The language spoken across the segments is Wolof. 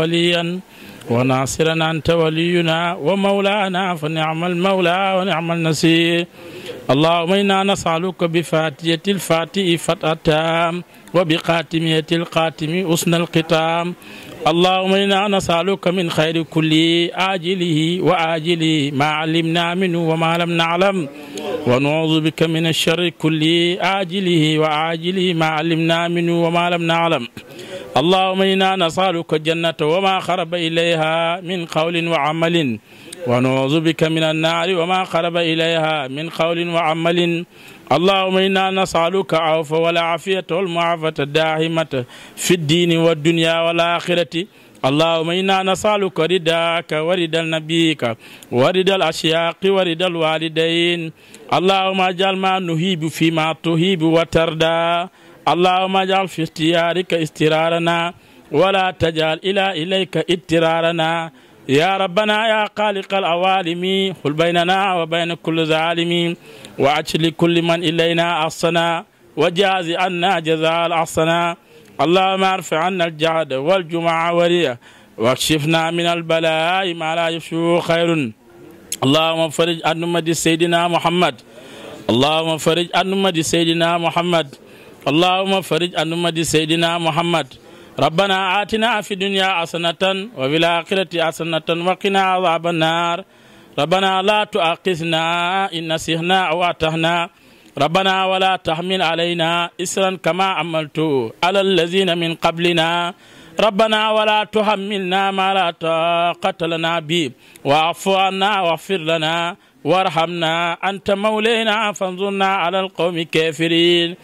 وليا وناصرا أنت ولينا ومولانا فنعم المولى ونعم النصير اللهم إنا نسألك بفاتية الفاتئ فتأتام وبقاتمية القاتم أسن القتام اللهم إنا نسألك من خير كل آجله وآجله ما علمنا منه وما لم نعلم ونعوذ بك من الشر كل آجله وآجله ما علمنا منه وما لم نعلم اللهم إنا نسألك الجنة وما خرب إليها من قول وعمل ونعوذ بك من النار وما خرب إليها من قول وعمل allahuma inna nasaluka awfa wala aafiyata walmuafata daahimata fi ddiini wadduniya wal axirati allahuma inna nasaluka ridaaka wa ridal nabiyika wa ridal asyaaqi wa ridal walidayn allahuma ajal ma nuhibu fi ma tuhibu wa tarda allahuma ajal fi ikhtiyaarika istiraarana wala tajal ila ilayka ittirarana يا ربنا يا خالق العوالم خل بيننا وبين كل ظالم وأجل لكل من إلينا أحسنا وجاز عنا جزاء الأحسنا اللهم ارفع عنا الجهد والجمع وريا واكشفنا من البلاء ما لا يشفيه خير اللهم فرج عن أمة سيدنا محمد اللهم فرج عن أمة سيدنا محمد اللهم فرج عن أمة سيدنا محمد ربنا آتنا في الدنيا حسنة وفي الآخرة حسنة وقنا عذاب النار ربنا لا تؤاخذنا إن نسينا أو أتهنا ربنا ولا تحمل علينا إسرا كما عملت على الذين من قبلنا ربنا ولا تحملنا ما لا طاقة لنا به واعف عنا واغفر لنا وارحمنا أنت مولينا فانظرنا على القوم الكافرين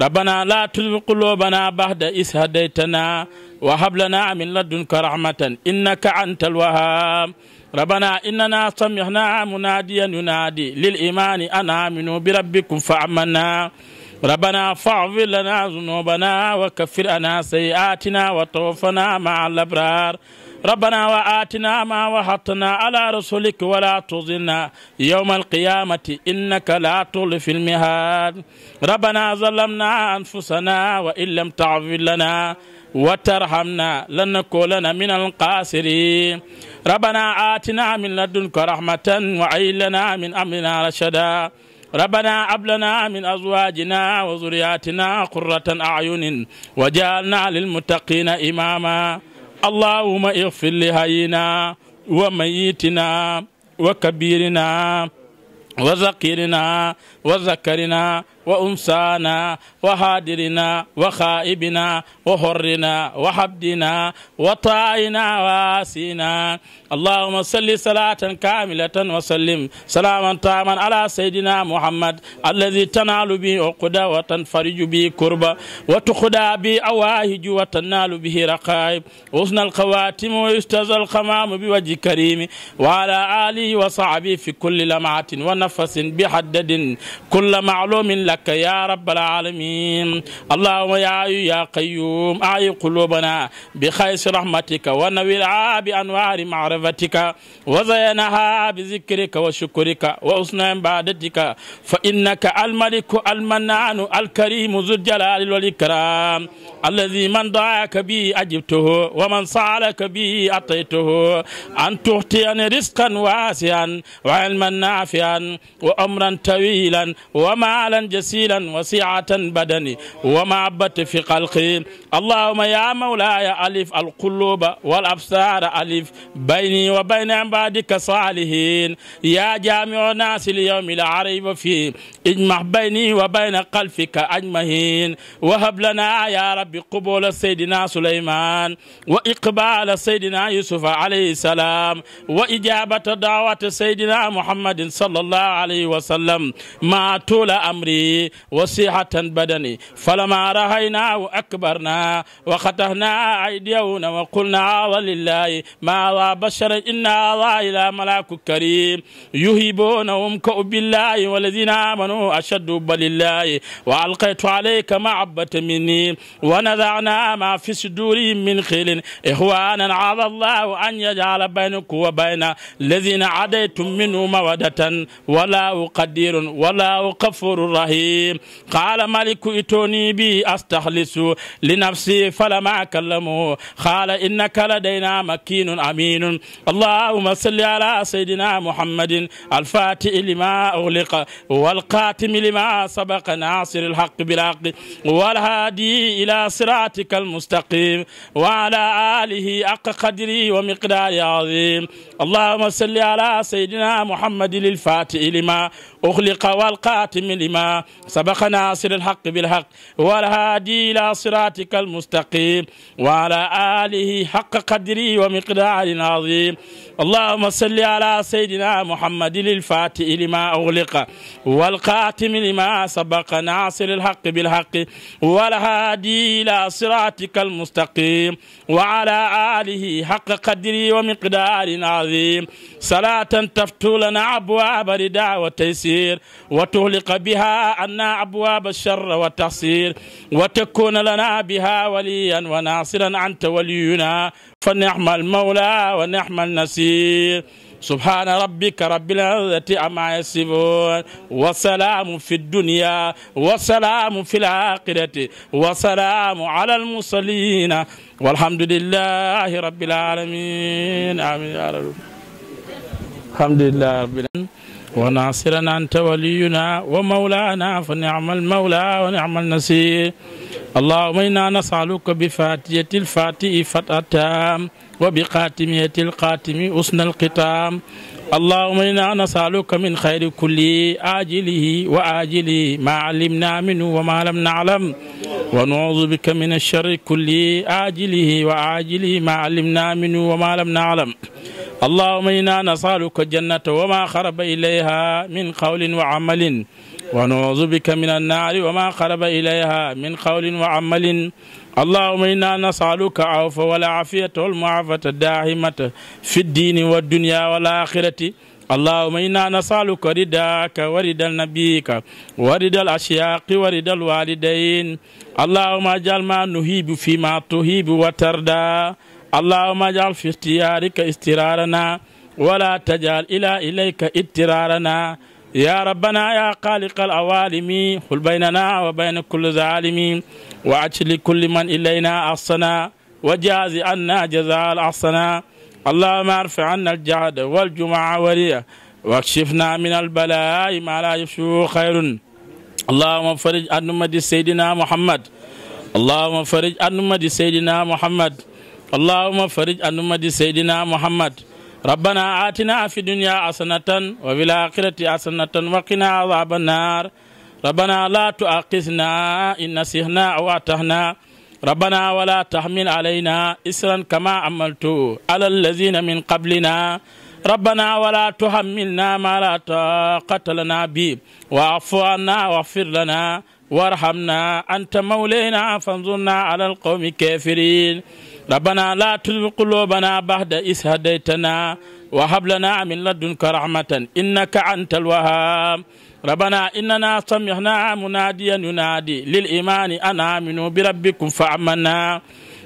ربنا لا تزغ قلوبنا بعد إذ هديتنا وهب لنا من لدنك رحمة إنك أنت الوهاب ربنا إننا سمعنا مناديا ينادي للإيمان أن آمنوا بربكم فآمنا ربنا فاغفر لنا ذنوبنا وكفر عنا سيئاتنا وتوفنا مع الأبرار ربنا وآتنا ما وعدتنا على رسلك ولا تخزنا يوم القيامة إنك لا تخلف الميعاد ربنا ظلمنا أنفسنا وإن لم تغفر لنا وترحمنا لنكونن من الخاسرين ربنا آتنا من لدنك رحمة وهيئ لنا من أمرنا رشدا ربنا هب لنا من أزواجنا وذرياتنا قرة أعين واجعلنا للمتقين إماما allahuma igfir li hayina wa mayitina wa kabirina wa zakirina wa zakarina wa unsana wa hadirina wa xaibina wa horrina wa habdina wa taayina wa asina allahuma salli salatan kamilatan wa sallim salaman taman ala sayidina muhammad alladi tanalu bihi uquda wa tanfariju bihi kurba wa tuqda bihi awahiju wa tanalu bihi raqaib usna alkhawatimu wa yustaza alkhamamu biwajhi karimi wa ala alihi wa sahbihi fi kulli lamatin wa nafasin bihaddadin كل معلوم لك يا رب العالمين اللهم يا عي يا قيوم أعي قلوبنا بخير رحمتك ونوّرها بأنوار معرفتك وزينها بذكرك وشكرك وحسن عبادتك فإنك الملك المنان الكريم ذو الجلال والإكرام الذي من دعاك به أجبته ومن سألك به أعطيته أن تعطيني رزقا واسعا وعلما نافعا وأمرا طويلا جليلا ومالا جسيلا وسعة بدني ومحبة في خلقي اللهم يا مولاي ألف القلوب والأبصار ألف بيني وبين عبادك صالحين يا جامع الناس اليوم لا ريب فيه اجمع بيني وبين خلفك أجمعين وهب لنا يا رب قبول سيدنا سليمان وإقبال سيدنا يوسف عليه السلام وإجابة دعوة سيدنا محمد صلى الله عليه وسلم maa tuula amri wa sihatan badani falama rahaynaahu akbarna wa xatahna aydiyawna wa qulna walillahi ma wa bashara inna wa ila malaku karim yuhibunahum ka billahi walladina amanu ashaddu balillahi wa alqaytu alayka mahabbata minni wa nadana ma fi sudurihim min xilin ixwanan ada allahu an yajala baynakum wa bayna alladina adaytum minhu mawadatan wala uqadirun والله غفور رحيم قال ملك ائتوني بي أستخلص لنفسي فلما كلمه قال إنك لدينا مكين أمين اللهم صل على سيدنا محمد الفاتح لما أغلق والقاتم لما سبق ناصر الحق بالحق والهادي إلى صراطك المستقيم وعلى آله أق قدري ومقداري عظيم اللهم صل على سيدنا محمد الفاتح لما أغلق القاتم لما سبق ناصر الحق بالحق والهادي إلى صراطك المستقيم وعلى آله حق قدري ومقدار عظيم اللهم صل على سيدنا محمد الفاتح لما أغلق والقاتم لما سبق ناصر الحق بالحق والهادي إلى صراطك المستقيم وعلى آله حق قدري ومقدار عظيم صلاة تفتو لنا أبواب رداء وتيسير وتغلق بها عنا أبواب الشر والتحصير وتكون لنا بها وليا وناصرا أنت ولينا فنعم المولى ونعم النصير بصير سبحان ربك رب العزة عما يصفون وسلام في الدنيا وسلام في الآخرة وسلام على المرسلين والحمد لله رب العالمين آمين يا رب الحمد لله رب العالمين وناصرنا أنت ولينا ومولانا فنعم المولى ونعم النصير اللهم إنا نسألك بفاتية الفاتئ فتأتام وبقاتمية القاتم أسن القتام اللهم إنا نسألك من خير كل آجله وآجله ما علمنا منه وما لم نعلم ونعوذ بك من الشر كل آجله وآجله ما علمنا منه وما لم نعلم اللهم إنا نسألك الجنة وما خرب إليها من قول وعمل ونعوذ بك من النار وما قرب إليها من قول وعمل اللهم إنا نسألك عوف والعافية والمعافاة الداعمة في الدين والدنيا والآخرة اللهم إنا نسألك رداك ورضا نبيك ورضا الأشياق ورضا الوالدين اللهم اجعل ما نهيب فيما تهيب وتردى اللهم اجعل في اختيارك استرارنا ولا تجعل إلى إليك اضطرارنا يا ربنا يا خالق العوالم خل بيننا وبين كل ظالم وأجل لكل من إلينا أحسنا وجاز عنا جزاء الأحسنا اللهم ارفع عنا الجهد والجمع وريا واكشفنا من البلاء ما لا يفشو خير اللهم فرج عن أمة سيدنا محمد اللهم فرج عن أمة سيدنا محمد اللهم فرج عن أمة سيدنا محمد ربنا آتنا في الدنيا حسنة وفي الآخرة حسنة وقنا عذاب النار ربنا لا تؤاخذنا إن نسينا أو أتهنا ربنا ولا تحمل علينا إسرا كما عملت على الذين من قبلنا ربنا ولا تحملنا ما لا طاقة لنا به واعف عنا واغفر لنا وارحمنا أنت مولينا فانظرنا على القوم الكافرين ربنا لا تزغ قلوبنا بعد إذ هديتنا وهب لنا من لدنك رحمة إنك أنت الوهاب ربنا إننا سمعنا مناديا ينادي للإيمان أن آمنوا بربكم فآمنا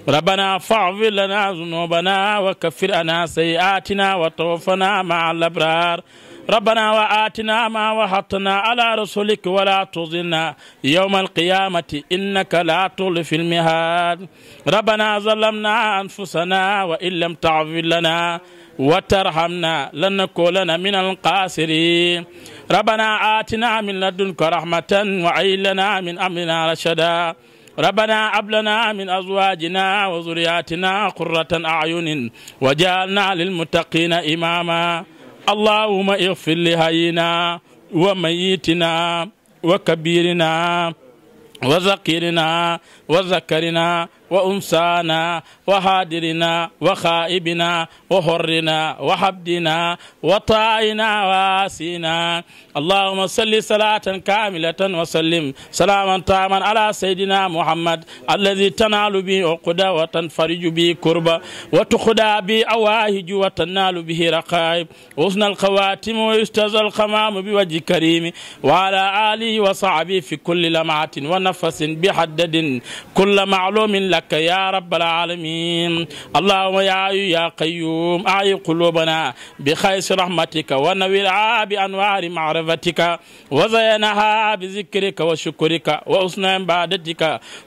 ربنا فاغفر لنا ذنوبنا وكفر عنا سيئاتنا وتوفنا مع الأبرار ربنا وآتنا ما وعدتنا على رسلك ولا تخزنا يوم القيامة إنك لا تخلف الميعاد ربنا ظلمنا أنفسنا وإن لم تغفر لنا وترحمنا لنكونن من الخاسرين ربنا آتنا من لدنك رحمة وهب لنا من أمرنا رشدا ربنا هب لنا من أزواجنا وذرياتنا قرة أعين واجعلنا للمتقين إماما allahuma ixfir li hayina wa mayitina wa kabirina wa zakirina wa zakarina wa unsaana wa haadirina wa xaa'ibina wa horrina wa habdina wa taa'ina wa aasina allahumma salli salaatan kaamilatan wa sallim salaaman taaman ala sayyidina muhammad alladi tanaalu bihi uqda wa tanfariju bihi kurba wa tuqda bihi awaahiju wa tanaalu bihi raqaa'ib wa husna alxawaatimu wa yustaza alxamaamu bi wajhi karimi wa ala aalihi wa sahbihi fi kulli lamaatin wa nafasin bihaddadin kulla maalumin لك يا رب العالمين اللهم يا حي يا قيوم أعي قلوبنا بخير رحمتك ونوّرها بأنوار معرفتك وزينها بذكرك وشكرك وحسن عبادتك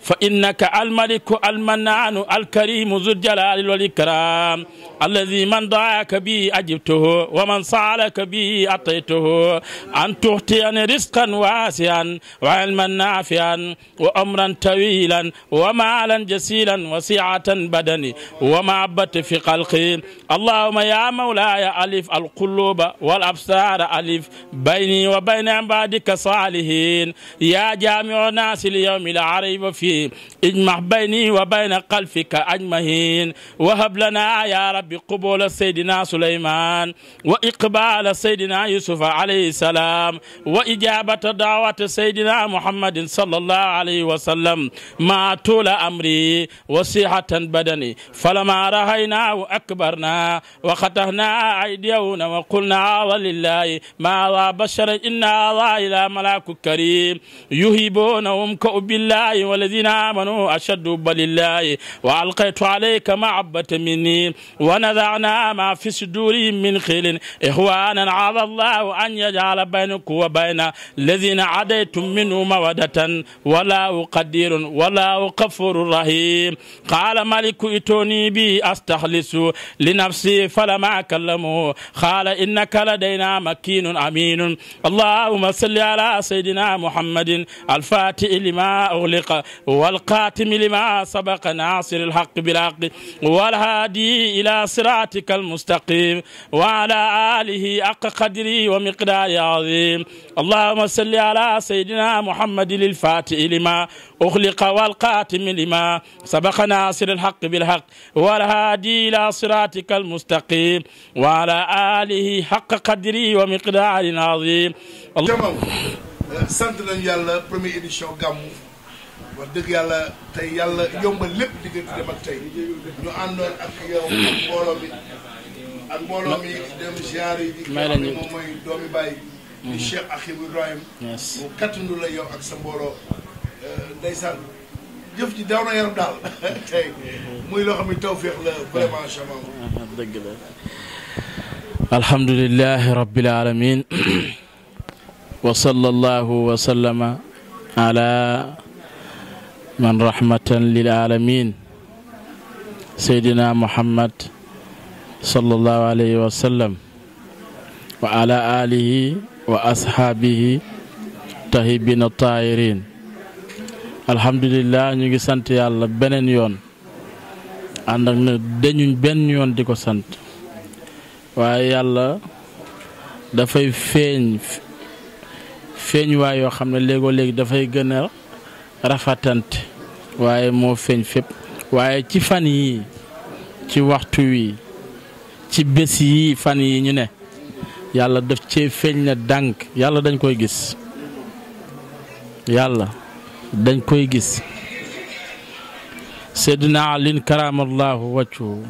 فإنك الملك المنان الكريم ذو الجلال والإكرام الذي من دعاك به أجبته ومن سألك به أعطيته أن تعطيني رزقا واسعا وعلما نافعا وأمرا طويلا ومالا جسيلا وسعة بدني ومعبة في خلقي اللهم يا مولاي ألف القلوب والأبصار ألف بيني وبين عبادك صالحين يا جامع الناس اليوم لا ريب فيه اجمع بيني وبين خلفك أجمعين وهب لنا يا رب rabbi qubula saydina suleyman wa iqbala saydina yusufa alayhi salaam wa ijabata daawata saydina muhammadin sallallahu alayhi wa sallam ma tuula amri wa sihatan badani falama rahaynahu akbarna wa xatahna aydiyawna wa qulna walillahi ma wa bashara inna wa ila malaku karim yuhibunahum ka billahi walladina amanu ashaddu balillahi wa alqaytu alayka mahabbata minni wa ونزعنا ما في صدورهم من خيل إخوانا عسى الله أن يجعل بينكم وبين الذين عاديتم منهم مودة والله قدير والله غفور رحيم قال مالك ائتوني به أستخلص لنفسي فلما كلمه قال إنك لدينا مكين أمين اللهم صل على سيدنا محمد الفاتح لما أغلق والقاتم لما سبق ناصر الحق بالحق والهادي إلى على صراطك المستقيم وعلى آله حق قدره ومقداره عظيم اللهم صل على سيدنا محمد الفاتح لما أخلق والقاتم لما سبق ناصر الحق بالحق والهادي إلى صراطك المستقيم وعلى آله حق قدره ومقداره عظيم sant nañu yàlla première édition gàmmu wax dëgg yàlla tey yàlla yombal lépp diggante dem ak tey ñu àndoon ak yow ak mbooloo mi ak mbooloo mi dem ziar yi di moom mooy doomi bàyyi di mm-hmm. Cheikh Akhib Ibrahim mu kattandu la yow ak sa mbooloo euh, ndeysaan jëf ji daw na yaram daal tey mm-hmm. muy loo xam ne tawféex la vraiment chamam uh-huh, dëgg la alhamdulilahi rabbil alamin wa sallallahu wa sallama ala man rahmatan lil alamin seydina muhammad sallallahu alayhi wa sallam wa ala alihi wa ashaabihi tahibina taayirin alhamdulillah ñu ngi sant yàlla beneen yoon ànd ak na dañuñ benn yoon di ko sant waaye yàlla dafay feeñ feeñ waay yoo xam ne léegoo léegi dafay gën rafetante waaye moo feeñ fépp waaye ci fan yi ci waxtu wi ci bés yi fan yi ñu ne yàlla daf cee feeñ ne dànk yàlla dañ koy gis yàlla dañ koy gis seydina alin karamallahu waccu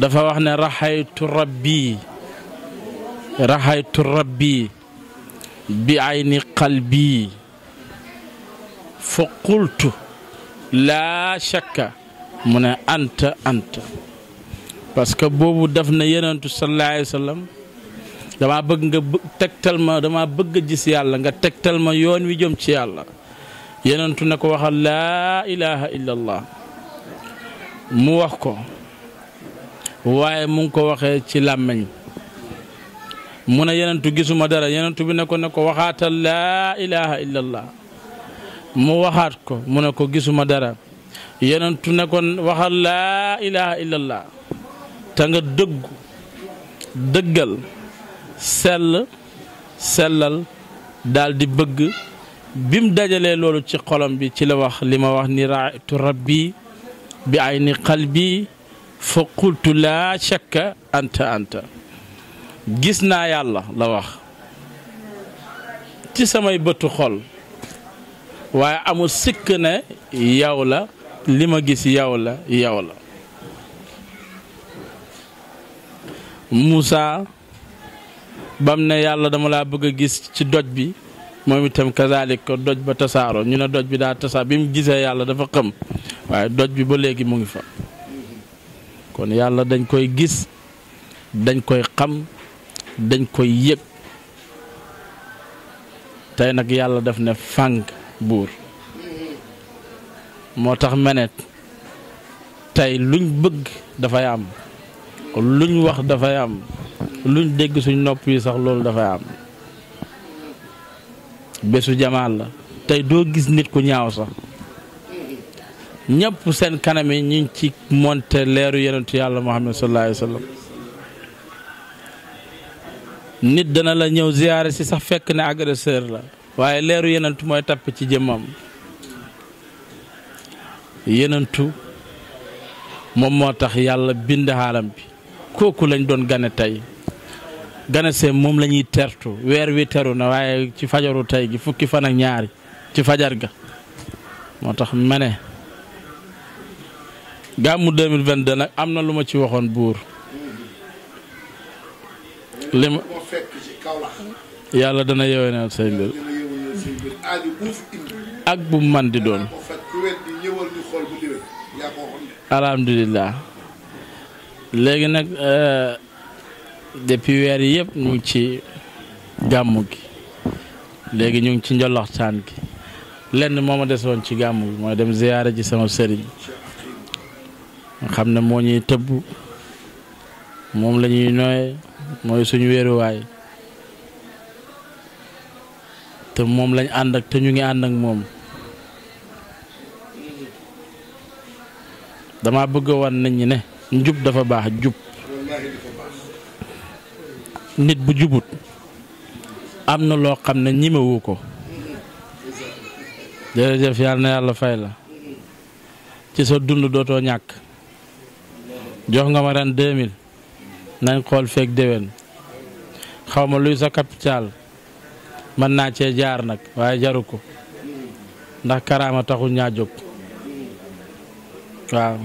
dafa wax ne raxaytu rabbi raxaytu rabbi bi ayni qalbi fa qultu laa shakka mu ne anta ant parce que boobu daf na yenentu sallallahu alayhi wa sallam damaa bëgg nga tegtal ma damaa bëgg a gis yàlla nga tegtal ma yoon wi jëm ci yàlla yenentu na ko waxal laa ilaha illa allah mu wax ko waaye mu ngi ko waxee ci làmmiñ mu ne yenentu gisuma dara yenentu bi ne ko ne ko waxaatal laa ilaha illa mu waxaat ko mu ne ko gisuma dara yenentu ne kon waxal laa ilaa illallah te nga dëggu dëggal sell sellal daldi di bëgg bim dajalee loolu ci xolam bi ci la wax li ma wax ni raaytu rabbi bi ay ni qalbi fa qultu laa shakka anta anta gis naa yàlla la wax ci samay bëtu xol waaye amul sikk ne yow la li ma gis yow la yow la Moussa bam ne yàlla dama laa bëgg a gis ci doj bi moom itam kazaalik ko doj ba tasaaroo ñu ne doj bi daa tasaar bi mu gisee yàlla dafa xam waaye doj bi ba léegi mu ngi fa kon yàlla dañ koy gis dañ koy xam dañ koy yëg tey nag yàlla daf ne fàng buur moo tax menet tey luñ bëgg dafay am luñ wax dafay am luñ dégg suñ nopp yi sax loolu dafay am bésu jamaal la tey doo gis nit ku ñaaw sax ñëpp seen kanam yi ñu ngi ci monte leeru yonentu yàlla muhammad sallallahu alayhi wa sallam nit dana la ñëw ziyaare si sax fekk ne agresseur la waaye leeru yenentu mooy tapp ci jëmmam yenentu moom moo tax yàlla bind xaalam bi kooku lañ doon gane tey gane see moom lañuy ñuy tertu weer wi teru na waaye ci fajaru tey gi fukki fan ak ñaari ci fajar ga moo tax ma ne gàmmu 2022 nag am na lu ma ci waxoon buur li ma yàlla dana yewenal say mbir ak bu man di doon. alhamdulilah léegi nag euh, depuis weer yëpp ñu ci gàmmu gi léegi ñu ngi ci njoloxtaan gi lenn moo ma desoon ci gàmmu gi mooy dem ziyaara ji sama sëriñ xam ne moo ñuy tëbb moom lañuy ñuy mooy suñu weeruwaay te moom lañ ànd ak te ñu ngi ànd ak moom dama bëgg a wan nit ñi ne njub dafa baax jub nit bu jubut am na loo xam ne ñimewu ko jërëjëf yal na yàlla fay la ci sa dund dootoo ñàkk jox nga ma ren 2000 nañ xool feeg déwén xaw luy sa capital mën naa ce jaar nag waaye jaru ko ndax karaama taxul ñaa jóg waaw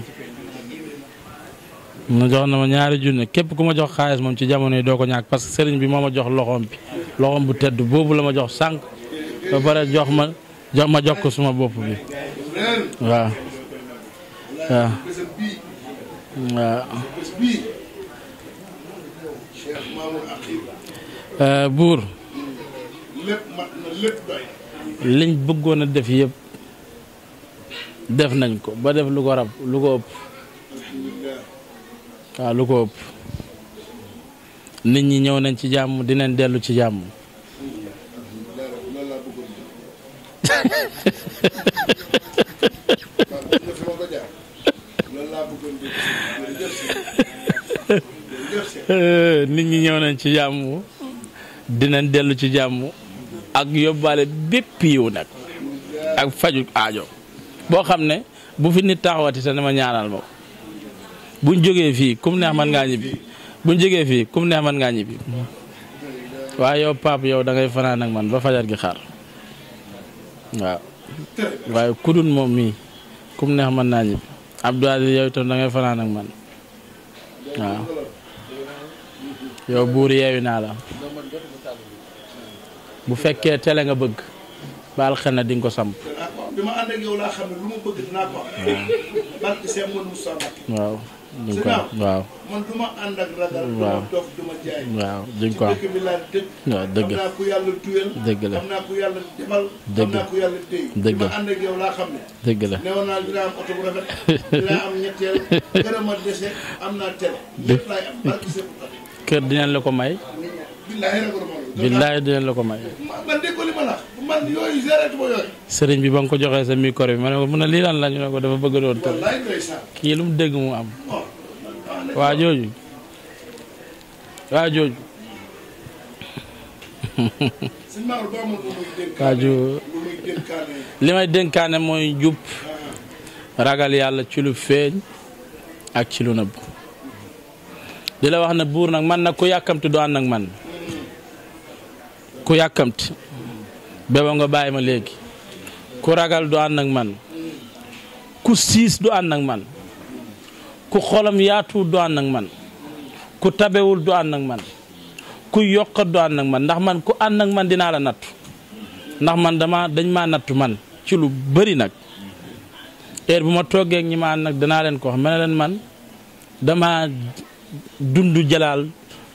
mu jox na ma ñaari junne képp ku ma jox xaalis moom ci jamono yi doo ko ñàkk parce que sëriñ bi moo ma jox loxoom bi loxoom bu tedd boobu la ma jox sànq ba pare jox ma jox ma jox ko suma bopp bi waaw waaw buur lépp liñ bëggoon a def yëpp def nañ ko ba def lu ko rab lu lu ko ëpp nit ñi ñëw nañ ci jàmm dinañ dellu ci jàmm nit ñi ñëw nañ ci jàmm dinañ dellu ci jàmm ak yóbbaale bépp yiw nag ak faju aajo boo xam ne bu fi nit taxawati te ne ma ñaanal ma buñ jógee fii kum neex man ngaa ñibbi buñ jógee fii kum man ngaa waaye yow Pape yow da ngay man ba fajar gi xaar waaw waaye kudun moom mii kum neex man naa ñibbi Abdou Aziz yow itam da ngay man waaw yow buur yeewi naa la bu fekkee télé nga bëgg baal xel na di nga ko samp. Ah, bi ma ànd ak yow laa xam ne lu ma bëgg dinaa ko am. barke Seydou Mouhamed Moussa waaw di nga ko am waaw. man du ma ànd ak ragal. waaw du ma dof du ma jaay. waaw di nga ko am ci dëkk bi laa dëkk. waaw dëgg xam naa ku yàlla tuyal. dëgg la xam naa ku yàlla demal. dëgg xam naa ku yàlla téy. dëgg la bi ma ànd ak yow laa xam ne. dëgg la newoon naa dinaa am oto bu rafet. dinaa am ñetteel gërëm ma dese am naa télé. lépp laay am barke Seydou Moussa kër dinañ la ko may. billahi rek billaay dinañ la ko may. sëriñ bi ba ko joxee sa micro bi ma ne ko mu ne lii lan la ñu ne ko dafa bëgg doon tëb kii lu mu dégg mu am. waa jooju waa jooju. waa jooju li may dénkaane mooy jub ragal yàlla ci lu feeñ ak ci lu nëbb di wax na buur nag man nag ku yàkkamti doo ànd ak man. ku yàkkamti béboo nga bàyyi ma léegi ku ragal du ànd ak man ku siis du ànd ak man ku xolam yaatuwul du ànd ak man ku tabewul du ànd ak man ku yokkat du ànd ak man ndax man ku ànd ak man dinaa la nattu ndax man dama dañ ma nattu man ci lu bëri nag heure bu ma toggee ak ñi ma ànd nag danaa leen ko wax ma leen man dama dund jalaal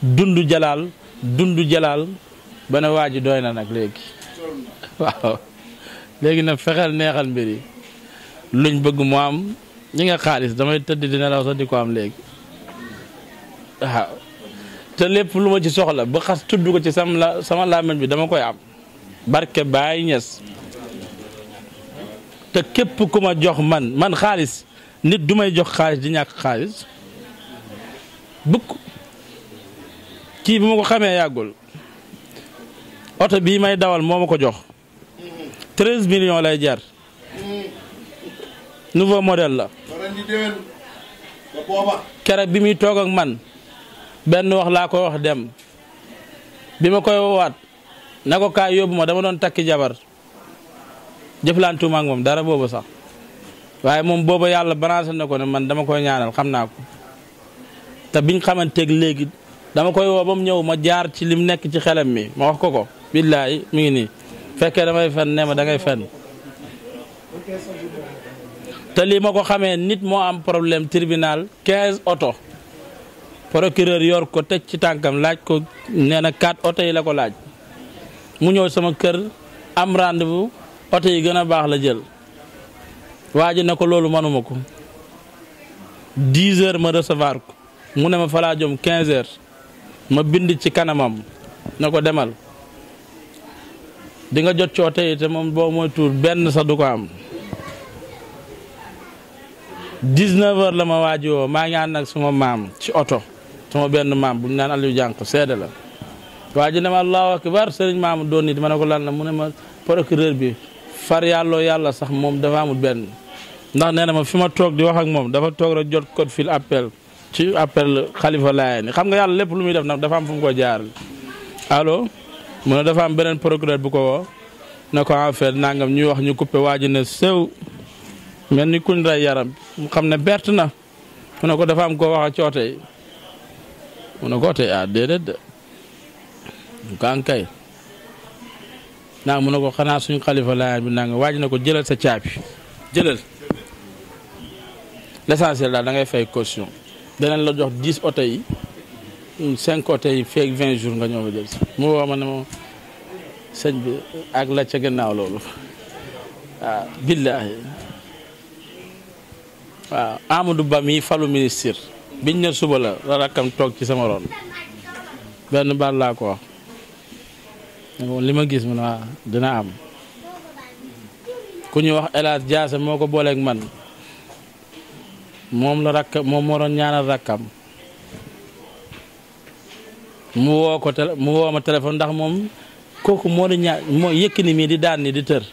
dund jalaal dund jalaal ba ne waa ji doy na nag léegi waaw léegi nag fexeel neexal mbir yi luñ bëgg mu am ñi nga xaalis damay tëdd dina nelaw sax di ko am léegi waaw te lépp lu ma ci soxla ba xas tudd ko ci sam la sama làmmiñ bi dama koy am barke Baay Ñas te képp ku ma jox man man xaalis nit du may jox xaalis di ñàkk xaalis bukk kii bi ma ko xamee yàggul oto bii may dawal moo ma ko jox treize millions lay jar nouveau modèle la kere bi muy toog ak man benn wax laa ko wax dem bi ma koy woowaat na ko kaay yóbbu dama doon takki jabar jëflantuuma ak moom dara boobu sax waaye moom booba yàlla balancé na ko ne man dama koy ñaanal xam naa ko te biñ xamanteeg léegi dama koy woo ba ñëw ma jaar ci lim nekk ci xelam mi ma wax ko ko billaay mi ngi nii fekkee damay fen nee ma dangay ngay fen te lii ma ko xamee nit moo am problème tribunal quinze oto procureur yor ko teg ci tànkam laaj ko nee na 4 oto yi la ko laaj mu ñëw sama kër am rendez-vous oto yi gën a baax la jël waa ji ne ko loolu manuma ko 10 heures ma recevoir ko mu ne ma falaa jom 15 ma bind ci kanamam na ko demal di nga jot coote yi te moom boo mooy tuur benn sax du am 19 heures la ma waaji woo maa ngi ànd suma maam ci oto suma benn maam bu ñu naan Aliou Jànq seede la waa ji ne ma allahu akbar sëriñ maamu doon nit ma ne ko lan la mu ne ma procureur bi far yàlloo yàlla sax moom dafa amut benn ndax nee na ma fi ma toog di wax ak moom dafa toog rek jot code fii appel ci appel xalifa laayee ni xam nga yàlla lépp lu muy def nag dafa am fu ko jaar allo mu ne dafa am beneen procureur bu ko wo na ko en fait nangam ñuy wax ñu coupé waa ji ne sew mel ni kuñ rey yaram xam ne bert na mu ne ko dafa am koo wax ak coote yi mu ne ko tey ah déedéet de kan kay naa mu ne ko xanaa suñu xalifa laayaan bi nangam waa na ko jëlal sa caabi jëlal l'essentiel daal dangay ngay fay caution danañ la jox dix oto cinq oto yi feeg vingt jours nga ñëw jël si mu woo ma ne ma bi ak la ca gannaaw loolu waaw billaahi waaw Amadou Ba mii falu ministre biñ ne suba la rakkam toog ci sama ron benn baat laa ko li ma gis mu ne dina am ku ñuy wax El Hadj Diassé moo ko booleeg man moom la rakk moom moo doon ñaanal rakkam mu woo ko télé ma téléphone ndax moom kooku moo di ñaar moo Yékini mii di daan ni di tër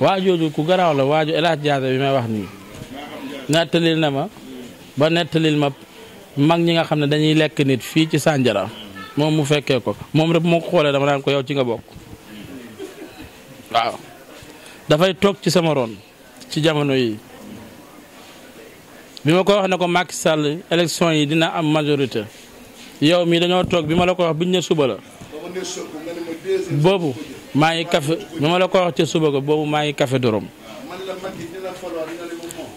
waa jooju ku garaaw la waa ju El Hadj bi may wax nii nettalil na ma ba nettalil ma mag ñi nga xam ne dañuy lekk nit fii ci Sandiara moom mu fekkee ko moom rek moo ko xoolee dama daan ko yow ci nga bokk waaw dafay toog ci sama ron ci jamono yi bi ma ko wax na ko Macky Sall élection yi dina am majorité yow mi dañoo toog bi ma la ko wax biñ ne suba boobu maa ngi café bi ma la ko wax ca suba boobu maa ngi kafe dorom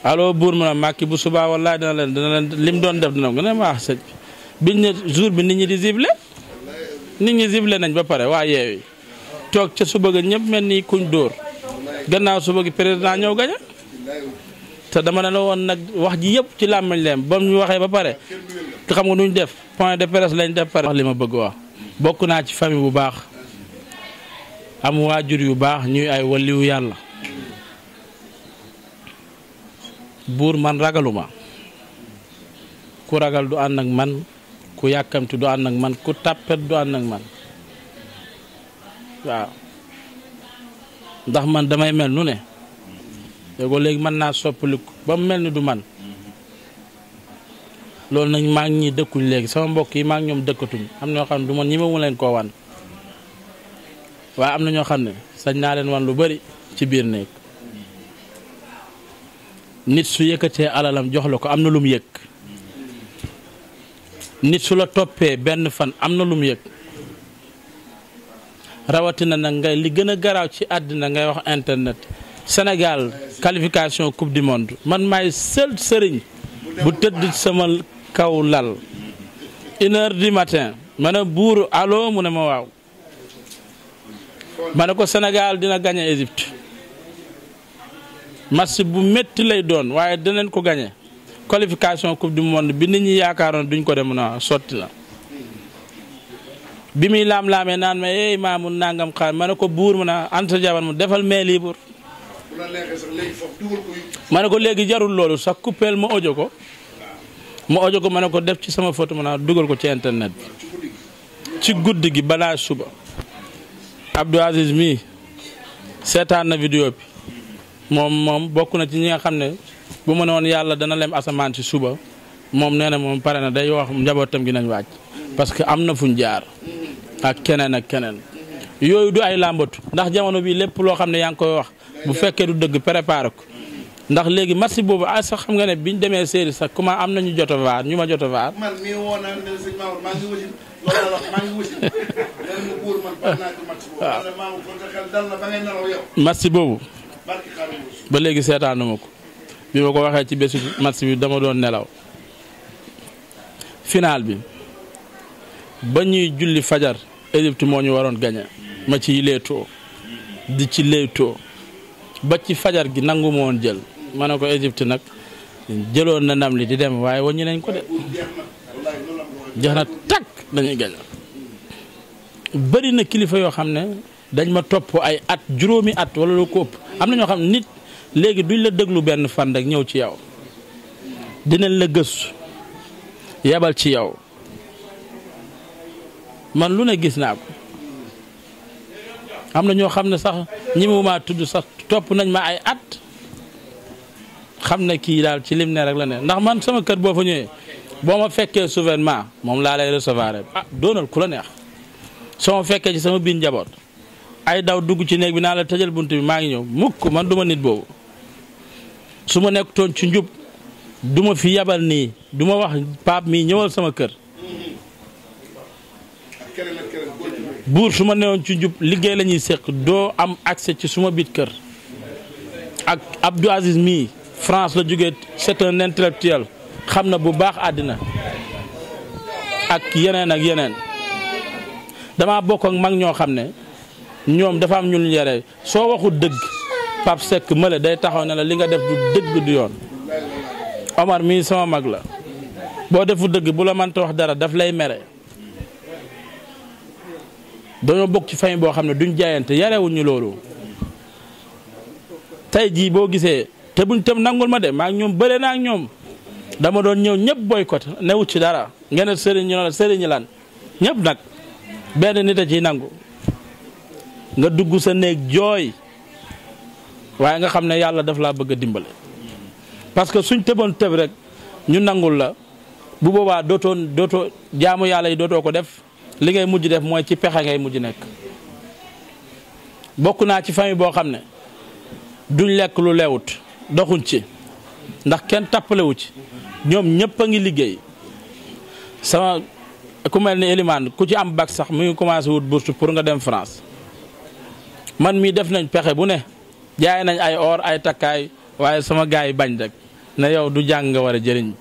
allo buur mu ne Macky bu subaa wallaahi dana leen dina leen lim doon def dina gën a wax sëñ biñ ne jour bi nit ñi di zible nit ñi zible nañ ba pare waa yeewi toog ca suba ga ñëpp mel ni kuñ dóor gannaaw suba gi président ñëw gaña te dama ne la woon nag wax ji yëpp ci làmmañ leen ba ñu waxee ba pare te xam nga nu ñu def point de presse lañ def pare li ma bëgg wax bokk naa ci famille bu baax am waajur yu baax ñuy ay waliwu yàlla buur man ragaluma ku ragal du ànd ak man ku yàkkamti du ànd ak man ku tàppet du ànd ak man waaw ndax man damay mel nu ne léegoo léegi mën naa soppaliku ba mu mel ni du man loolu nag maa ngi ñi dëkkuñ léegi sama mbokk yi maak ñoom dëkkatuñ am na ñoo xam ne du man ñi ma mu koo wan waaye am na ñoo xam ne sañ naa leen wan lu bari ci biir néeg nit su yëkkatee alalam jox la ko am na lu mu yëg nit su la toppee benn fan am na lu mu yëg rawatina nag ngay li gën a garaaw ci àddina ngay wax internet Sénégal qualification coupe du monde man maay seul sëriñ bu tëdd sama kaw lal une matin ma buur buuru allo mu ne ma waaw ma ne ko Sénégal dina gagné Égypte match bu metti lay doon waaye dinañ ko gagné qualification coupe du monde bi nit ñi yaakaaroon duñ ko dem na sotti la bi muy laam-laamee naan ma ey eh, maamu nangam xaar ma ko buur mu ne Anta Diabar mu defal main libre ma ne ko léegi jarul loolu sax coupeel ma ojo ko ma ojo ko ma ne ko def ci sama photo ma naa dugal ko ci internet bi ci guddi gi balaa suba Abdou Aziz mii seetaan na vidéo bi moom moom bokk na ci ñi nga xam ne bu ma ne woon yàlla dana lem asamaan si suba moom nee na moom pare na day wax njabootam gi nañ wàcc parce que am na fu jaar ak keneen ak keneen yooyu du ay làmbatu ndax jamono bi lépp loo xam ne yaa koy wax bu fekkee du dëgg préparé ko ndax léegi match boobu ah sax xam nga ne biñ demee série sax comment am nañu jot a vaar ñu ma jot a vaar. man mii boobu. Ah. ba léegi seetaan ma ko bi ma ko waxee ci bésu match bi dama doon nelaw final bi ba ñuy julli fajar Égypte moo ñu waroon gagné ma ciy leetoo di ci leetoo. ba ci fajar gi nangu ma jël ma ne ko Égypte nag jëloon na ndam li di dem waaye waññi nañ ko de jeex na takk dañuy gañ bëri na kilifa yoo xam ne dañ ma topp ay at juróomi at wala lu ko ëpp am na ñoo xam nit léegi duñ la déglu benn fan rek ñëw ci yow dinañ la gës yebal ci yow man lu ne gis naa ko am na ñoo xam ne sax ñi mu maa tudd sax topp nañ ma ay at xam ne kii daal ci lim ne rek la ne ndax man sama kër boo fa ñëwee boo ma fekkee souverainement moom laa lay recevoir ah doonal ku la neex soo ma fekkee ci sama biir njaboot ay daw dugg ci néeg bi naa la tëjal bunt bi maa ngi ñëw mukk man du ma nit boobu su ma nekk toon ci njub duma ma fi yabal nii du ma wax paap mii ñëwal sama kër buur su ma newoon ci njub liggéey la ñuy séq doo am accès ci suma biit kër ak Abdou asis mii France la jógee c'est un intellectuel xam na bu baax àddina ak yeneen ak yeneen dama bokk mag ñoo xam ne ñoom dafa am ñun yare soo waxul dëgg Pape Seck mële day taxaw ne la li nga def du dëgg du yoon Omar mii sama mag la boo defu dëgg bu la mënta wax dara daf lay mere dañoo bokk ci famille boo xam ne duñ jaayante yarewuñ ñu loolu tey jii boo gisee te buñ tam nangul ma de maa ñoom bëre naa ñoom dama doon ñëw ñëpp boycott newut ci dara ngeen sëriñ ñu la sëriñ lan ñëpp nag benn nit a ciy nangu nga dugg sa néeg jooy waaye nga xam ne yàlla daf laa bëgg a dimbale parce que suñ tëboon tëb rek ñu nangul la bu boobaa dootoo dootoo jaamu yàlla yi dootoo ko def li ngay mujj def mooy ci pexe ngay mujj nekk bokk naa ci famille boo xam ne duñ lekk lu leewut doxuñ ci ndax kenn tappalewu ci ñoom ñëpp a ngi liggéey sama ku mel ni Elimane ku ci am bac sax mu ngi commencé wut bourse pour nga dem France man mii def nañ pexe bu ne jaay nañ ay or ay takkaay waaye sama gars yi bañ rek na yow du jàng nga war jëriñ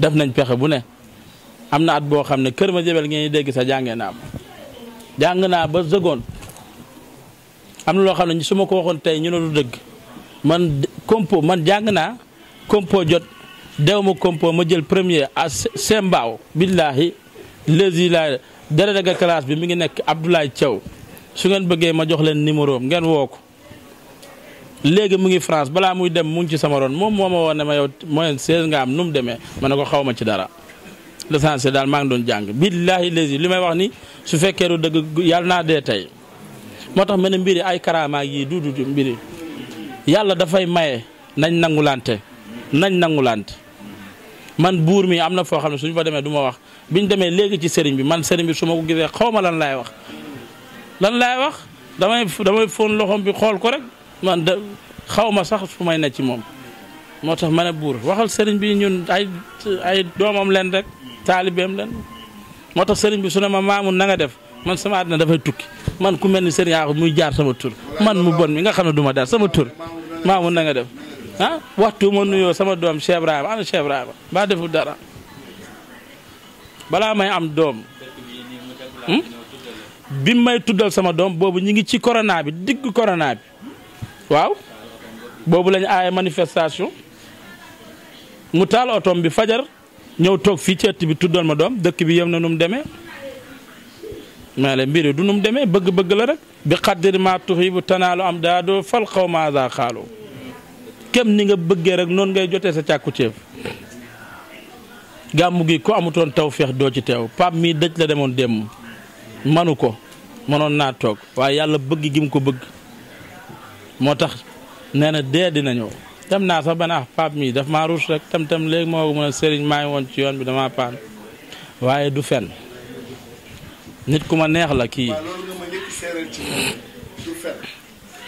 def nañ pexe bu ne am na at boo xam ne kër ma jëbel ngeen dégg sa jàngee naa ko jàng naa ba seconde am na loo xam ne su ma ko waxoon tey ñu ne lu dëgg man compo man jàng naa compo jot dew ma compo ma jël premier à sembaaw billaahi lesi la dara daga classe bi mu ngi nekk Abdoulaye cew su ngeen bëggee ma jox leen numéro ngeen woo ko léegi mu ngi France balaa muy dem mu ngi ci sama ron moom moo ma woon ne ma yow moyenne 16 nga am nu mu demee ma ne ko xaw ma ci dara l'essentiel daal maa ngi doon jàng billaahi lazi li may wax ni su fekkee du dëgg yàlla naa dee tey moo tax ma ne mbiri ay karaama yi du du mbiri yàlla dafay maye nañ nangulante nañ nangulante man buur mii am na foo xam ne suñu fa demee du ma wax biñ demee léegi ci sëriñ bi man sëriñ bi su ma ko gisee xaw ma lan laay wax lan laay wax damay damay fóon loxoom bi xool ko rek man de sax fu may ne ci moom moo tax ma buur waxal sëriñ bi ñun ay doomam leen rek taalibeem lan moo tax sëriñ bi su ne ma maamun nanga def man sama na dafay tukki man ku mel ni sëriñ Aaxu muy jaar sama tur man mu bon mi nga xam ne duma ma daal sama tur maamun nanga nga def ah waxtu ma nuyoo sama doom Cheikh Ibrahima ana Cheikh Ibrahima ba deful dara balaa may am doom hmm? bi may tuddal sama doom boobu ñi ngi ci corona bi digg corona bi waaw boobu lañ aaye manifestation mu taal otoom bi fajar ñëw toog fii ci ëtt bi tuddal ma doom dëkk bi yem na nu mu demee maa leen mbir du nu deme bëgg-bëgg la rek bi xaddiri maa tuxibu tanaalu am daadoo fal xaw maa daa xaalu kem ni nga bëggee rek noon ngay jotee sa càkku ceeb gàmmu gi ku amutoon taw feex doo ci teew pap mii dëj la demoon démb manu ko mënoon naa toog waaye yàlla bëgg gi mu ko bëgg moo tax nee na dee dina ñëw dem naa sax banaax ne ah, mii daf maa ruus rek tam tam léegi moo mën a sëriñ maa ngi woon ci yoon bi damaa paan waaye du fen nit ku ma neex la kii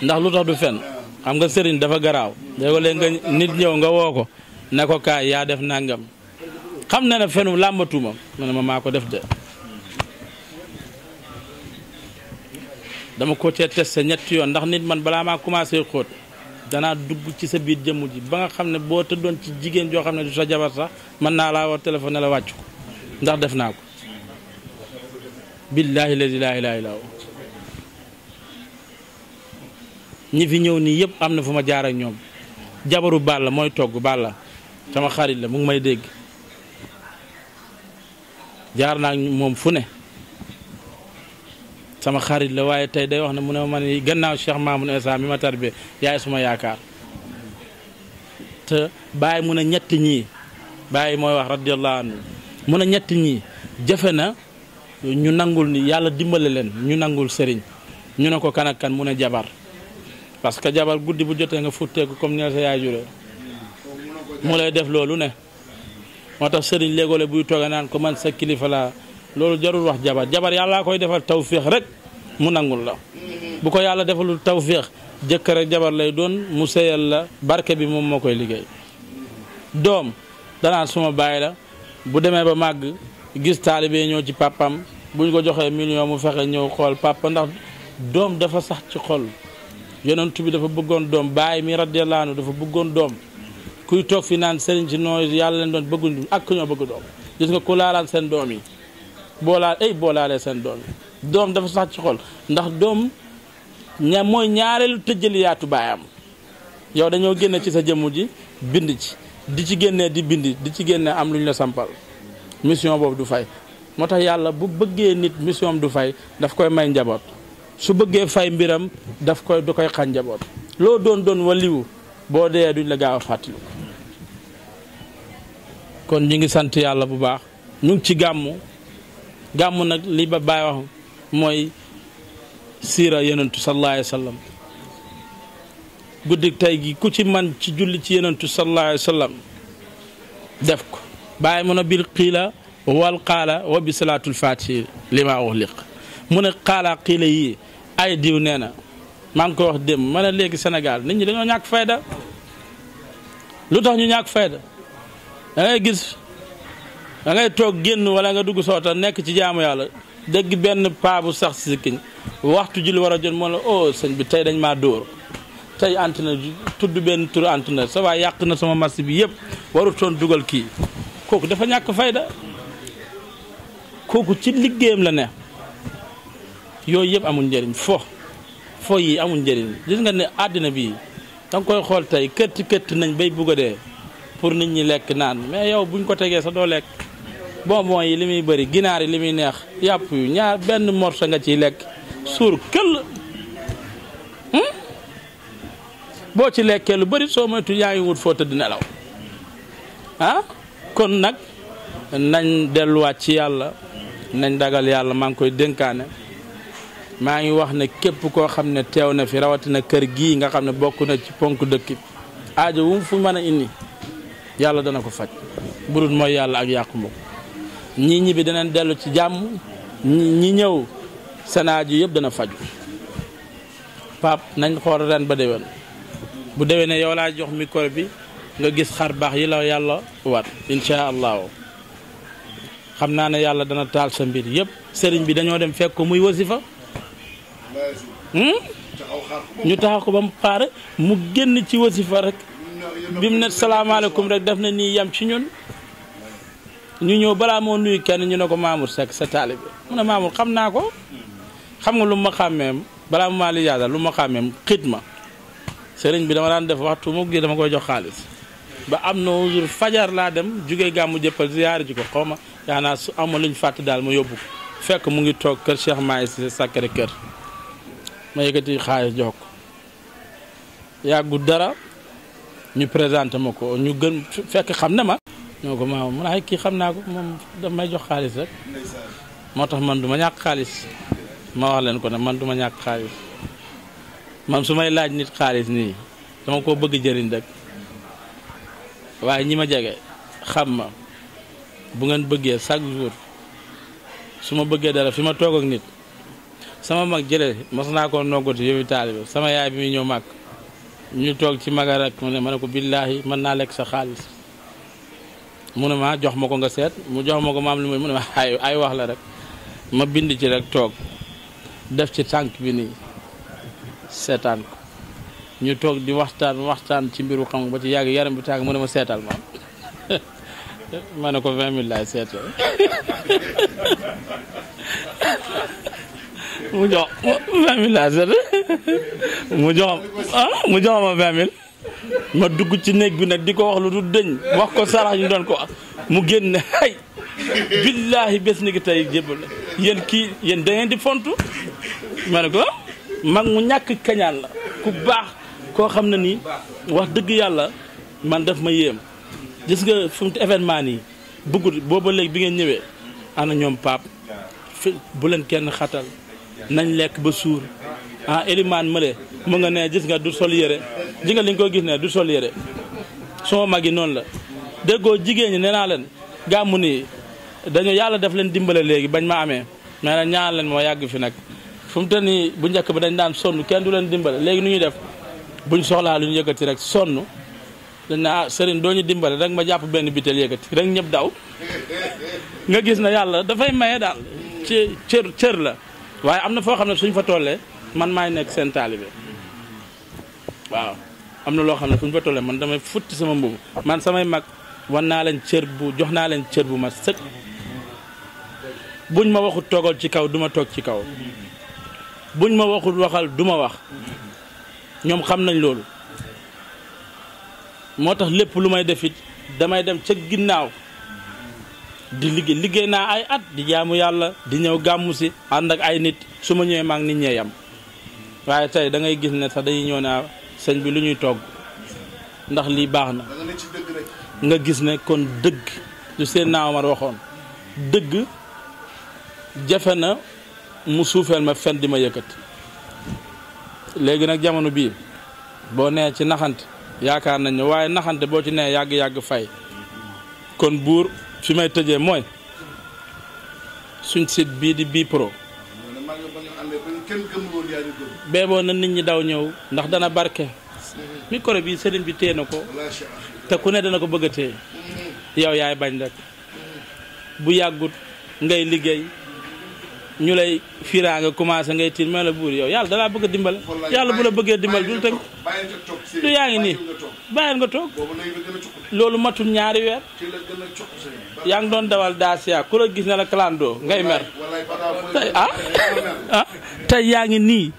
ndax lu tax du fen xam nga sëriñ dafa garaaw léegoo léeg nit ñëw nga woo ko ne ko kaay yaa def nangam xam na ne fenu làmbatuma ma ma maa ko def de dama ko cee testé ñetti yoon ndax nit man balaa maa commencé xóot danaa dugg ci sa biir jëmm ji ba nga xam ne boo tëddoon ci jigéen joo xam ne du sa jabar sax mën naa laa war téléphone la wàcc ko ndax def naa ko billaahi lazi laa ilaaha illaa ñi fi ñëw nii yëpp am na fu ma jaar ak ñoom jabaru la mooy togg Balla sama xarit la mu may dégg jaar naa moom fu ne sama xarit la waaye tey day wax ne mu ne ma ni gannaaw Cheikh Mamoun Insa mi ma tarbe yaay suma yaakaar te bàyyi mun a ñetti ñii bàyyi mooy wax radiyallahu anhu mun a ñetti ñii jafe na ñu nangul ni yàlla dimbale leen ñu nangul sëriñ ñu ne ko kan kan mun a jabar parce que jabar guddi bu jotee nga futteeku comme ne sa yaay juree mu lay def loolu ne moo tax sëriñ léegoo buy toog ko man sa kilifa laa loolu jarul wax jabar jabar yàllaa koy defal tawféex rek mu nangul la bu ko yàlla defalul tawféex jëkkër ak jabar lay doon mu seyal la barke bi moom moo koy liggéey doom danaan suma bàyyi la bu demee ba màgg gis taalibee ñëw ci pàppam buñ ko joxee million mu fexe ñëw xool pàppa ndax doom dafa sax ci xol yonent bi dafa bëggoon doom baay mi radiyallahu anhu dafa bëggoon doom kuy toog fi naan sëriñ si nooy yàlla leen doon bëgguñ ak ñoo bëgg doom gis nga ku laalaan seen doom yi boolaa ay boolaalee seen doom doom dafa sax ci xol ndax doom ña mooy ñaareelu tëjjaliyaatu baayam yow dañoo génne ci sa jëmm ji bind ci di ci génne di bind di ci génnee am lu ñu la sampal mission boobu du fay moo tax yàlla bu bëggee nit mission du fay daf koy may njaboot su bëggee fay mbiram daf koy du koy xañ njaboot loo doon doon waliwu boo dee duñ la gaaw a fàttaliku kon ñu ngi sant yàlla bu baax ñu ngi ci gàmmu gàmm nag li ba baay wax mooy siira yenentu sallallahu alayhi wa sallam guddi tey ku ci man ci julli ci yenentu sallallahu alayhi wa sallam def ko bàyyi mun a bil xiila wal xaala wa bi salaatul faatihi li maa uxliq mu ne xaala xiila yi ay diw nee na maa ngi koy wax démb ma ne léegi senegal nit ñi dañoo ñàkk fayda lu tax ñu ñàkk fayda da gis da ngay toog génn wala nga dugg soota nekk ci jaamu yàlla dégg benn paabu sax si sikkiñ waxtu julli war a jot moo la oh sëñ bi tey dañ maa dóor tey antenne tudd benn tur antenne sa waay yàq na sama marché bi yëpp warutoon dugal kii kooku dafa ñàkk fayda kooku ci liggéeyam la ne yooyu yëpp amul njëriñ foo foo yi amul njëriñ gis nga ne àddina bii danga koy xool tey këtt këtt nañ bay bugg a dee pour nit ñi lekk naan mais yow buñ ko tegee sa doo lekk bon bon yi li muy bari ginaar yi li muy neex yàpp yu ñaar benn morso nga ciy lekk suur këll hmm? boo ci lekkee lu bari soo moytu yaa ngi wut foo tëdd nelaw ah kon nag nañ delluwaat ci yàlla nañ dagal yàlla maa ngi koy dénkaane maa ngi wax ne képp koo xam ne teew na fi rawatina kër gii nga xam ne bokk na ci ponk dëkk bi aajo wu fu mën a indi yàlla dana ko faj burut mooy yàlla ak yàqu ñii ñibbi danañ dellu ci jàmm ñi ñëw seen aajo yëpp dana faju pap nañ xool ren ba déwén bu ne yow laa jox micro bi nga gis xar baax yi la yàlla wat incha allahu xam naa ne yàlla dana taal sa mbir yëpp sëriñ bi dañoo dem fekk ko muy wasifa hmm? ñu taxaw ko ba mu pare mu génn ci wasifa rek bi mu ne salaamaaleykum rek def na nii yam ci ñun ñu ñëw balaa moo nuyu kenn ñu ne ko Mamour Seck sa taalibe mu ne Mamour xam naa ko xam nga lu ma xàmmeem balaa mu maa li lu ma xàmmeem xit ma sëriñ bi dama daan def waxtu mu gi dama koy jox xaalis ba am na jour fajar laa dem jugee gàmmu jëppal ziyaar ji ko xaw ma yaa naa su amoon lu ñu fàtte daal ma yóbbu fekk mu ngi toog kër Cheikh Maye si Sacré Cœur ma yëkkati xaalis jox ko yàggu dara ñu présenté ma ko ñu gën fekk xam ne ma ñoo ko maam man ay kii xam naa ko moom da may jox xaalis rek moo tax man du ma ñàkk xaalis ma wax leen ko ne man du ma ñàkk xaalis man su may laaj nit xaalis nii dama koo bëgg jëriñ rek waaye ñi ma jege xam ma bu ngeen bëggee chaque jour su ma bëggee dara fi ma toog ak nit sama mag jële mas naa koo noggati yow taalibe sama yaay bi muy ñëw màgg ñu toog ci maga rek mu ne ma ne ko billaahi mën naa lekk sa xaalis mu ne ma jox ma ko nga seet mu jox ma ko ma lu muy mu ne ma ay wax la rek ma bind ci rek toog def ci tànk bi nii seetaan ko ñu toog di waxtaan waxtaan ci mbiru xam ba ci yàgg yaram bi tàng mu ne ma seetal ma ma ne ko vingt mille laay seetal mu jox ah, mu jox ma vingt ma dugg ci néeg bi nag di ko wax lu du dëñ wax ko sarax ñu doon ko wax mu génn ay billaahi bés ni ki tey jébbal la yéen kii yéen da di fontu ma ne ko ah, mag mu ñàkk kañaan la ku baax koo xam ne nii wax dëgg yàlla man def ma yéem gis nga fi mu événement nii bëggul booba léegi bi ngeen ñëwee ana ñoom paap bu leen kenn xatal nañ lekk ba suur ah Elimane Mële mu nga ne gis nga du sol yére ji nga li nga ko gis ne du sol yére suma mag yi noonu la déggoo jigéen ñi nee naa leen gàmmu nii dañu yàlla def leen dimbale léegi bañ ma amee mais na ñaan leen moo yàgg fi nag fu mu te nii bu njëkk ba dañ daan sonn kenn du leen dimbale léegi nu ñuy def bu ñu soxlaa lu ñu yëkkati rek sonn dañ ne ah sëriñ doo ñu dimbale rek ma jàpp benn bitel yëkkati rek ñëpp daw nga gis na yàlla dafay maye daal ci cër cër la waaye am na foo xam ne suñ fa tollee man maay nekk seen taalibe waaw am na loo xam ne fu ñu fa man damay futti sama mbubu man samay mag wan naa leen cër bu jox naa leen cër bu ma sëkk buñ ma waxut toogal ci kaw duma toog ci kaw buñ ma waxut waxal duma wax ñoom xam nañ loolu moo tax lépp lu may defit damay dem ca ginnaaw di liggéey liggéey naa ay at di jaamu yàlla di ñëw gàmmu si ànd ak ay nit su ma ñëwee maa ngi nit ñee yam waaye tey da ngay gis ne sax dañuy ñëw naa sëñ bi lu ñuy togg ndax lii baax na nga gis ne kon dëgg lu seen naa Omar waxoon dëgg jafe na mu suufeel ma fen di ma yëkkati léegi nag jamono bii boo nee ci naxante yaakaar nañ ne waaye naxante boo ci nee yàgg-yàgg fay kon buur fi may tëjee mooy suñ site bii di Bprod beeboo na nit ñi daw ñëw ndax dana barke micro bii sëriñ bi téye na ko te ku ne dana ko bëgg a téye yow yaay bañ rek bu yàggut ngay liggéey ñu lay firaa nga commencé ngay tiit ma la buur yow yàlla dalaa bëgg a dimbal yàlla bu la bëggee dimbal dul teg du yaa ngi nii bàyyil nga toog loolu matul ñaari weer yaa ngi doon dawal daasiya kur la gis na la clando ngay mer tey ah ah yaa ngi nii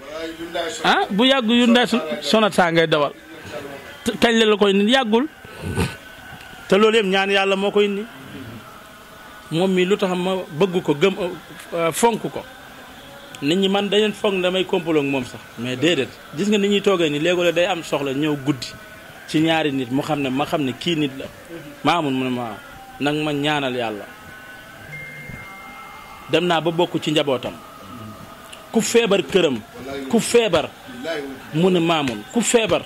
ah bu yàggu yu ndaay sonata ngay dawal kañ la la koy nit yàggul te loolu yëpp ñaan yàlla moo ko nii moom mi lu tax ma bëgg ko gëm euh, fonk ko nit ñi man dañu fonk damay kompaloo ak moom sax mais déedéet gis nga nit ñuy toogee léegoo la day am soxla ñëw guddi ci ñaari nit mu xam ne ma xam ne kii nit la maamun mu ne ma nag ma ñaanal yàlla dem naa ba bokk ci njabootam ku feebar këram ku feebar mu ne maamun ku feebar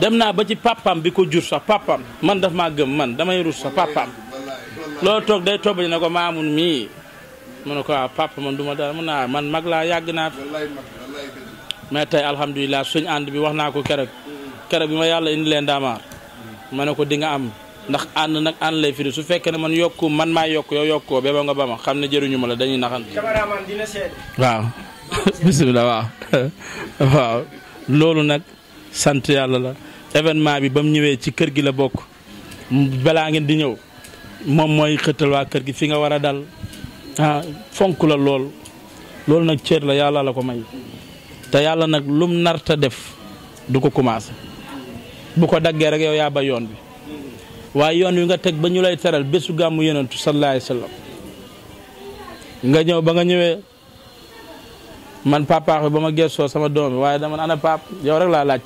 dem naa ba ci papaam bi ko jur sax papaam man daf maa gëm man damay rus sax papaam loo toog day toog ne ko maamun mii mu ne ko waaw ah, papa man duma ma dara mun naa ah, man mag laa yàgg naa fi mais tey alhamdulilah suñ ànd bi wax naa ko keroog keroog bi ma yàlla indi leen daamaar ma ne ko di nga am ndax ànd nag ànd lay firi su fekkee ne man yokku man maa yokk yoo yokkoo ba nga ba ma xam ne jëriñu ma la dañuy naxan waaw bisimilah waaw waaw loolu nag sant yàlla la événement bi ba mu ñëwee ci kër gi la bokk balaa ngeen di ñëw moom mooy xëttal waa kër gi fi nga war a dal ah fonk la lool loolu nag cër la yàlla la ko may te yàlla nag lum narta def du ko commencé bu ko daggee rek yow yaa ba yoon bi waaye yoon wi nga teg ba ñu lay teral bésu gàmmu yonentu sallallahu alayhi wa sallam nga ñëw ba nga ñëwee man papa ba ma gëstoo sama doom bi waaye dama ana pap yow rek laa laaj